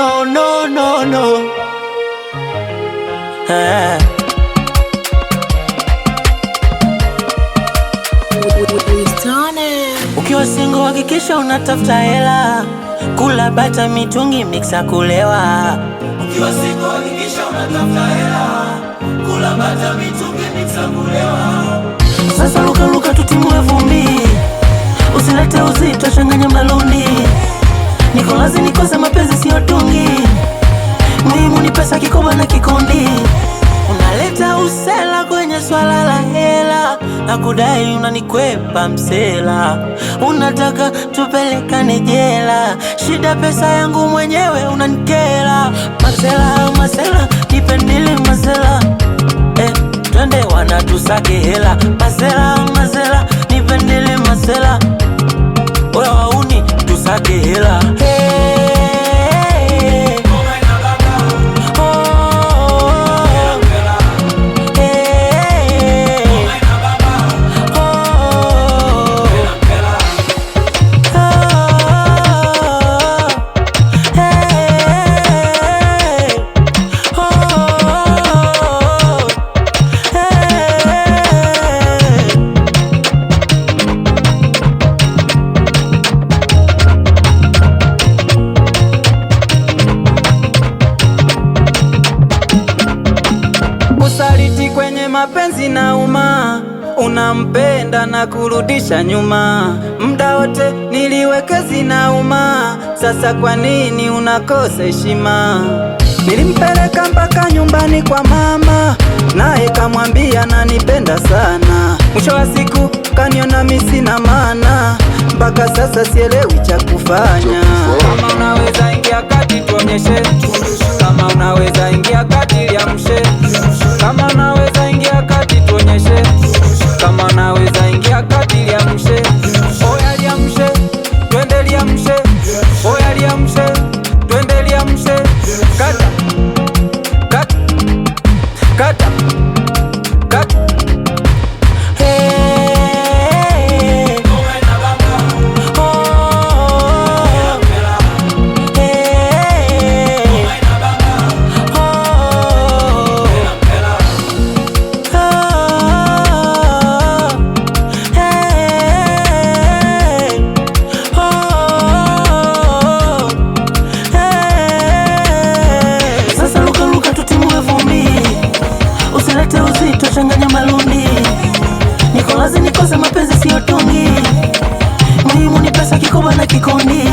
no, no, no, no. Eh. Ukiwa singo hakikisha unatafuta hela, kula bata mitungi mixa kulewa. Ukiwa singo hakikisha unatafuta hela, kula bata mitungi mixa kulewa. Sasa luka luka tutimue vumbi, usilete uzito, changanya kosa, mapenzi siotungi, muhimu ni pesa, kikoba na kikundi. Unaleta usela kwenye swala la hela na kudai unanikwepa msela, unataka tupelekane jela, shida pesa yangu mwenyewe unanikela. Masela masela, nipendili masela, eh, twende wanatusake hela masela, masela. mapenzi na uma, unampenda na kurudisha nyuma. Muda wote niliweka zina uma, sasa kwa nini unakosa heshima? Nilimpeleka mpaka nyumbani kwa mama, naye kamwambia nanipenda sana. Mwisho wa siku kaniona mimi sina maana, mpaka sasa sielewi cha kufanya. Kama unaweza ingia kati tuonyeshe, kama unaweza ingia Foi tuchanganya malundi, niko lazini nikose mapenzi siyotungi, muhimu ni pesa, kikoba na kikundi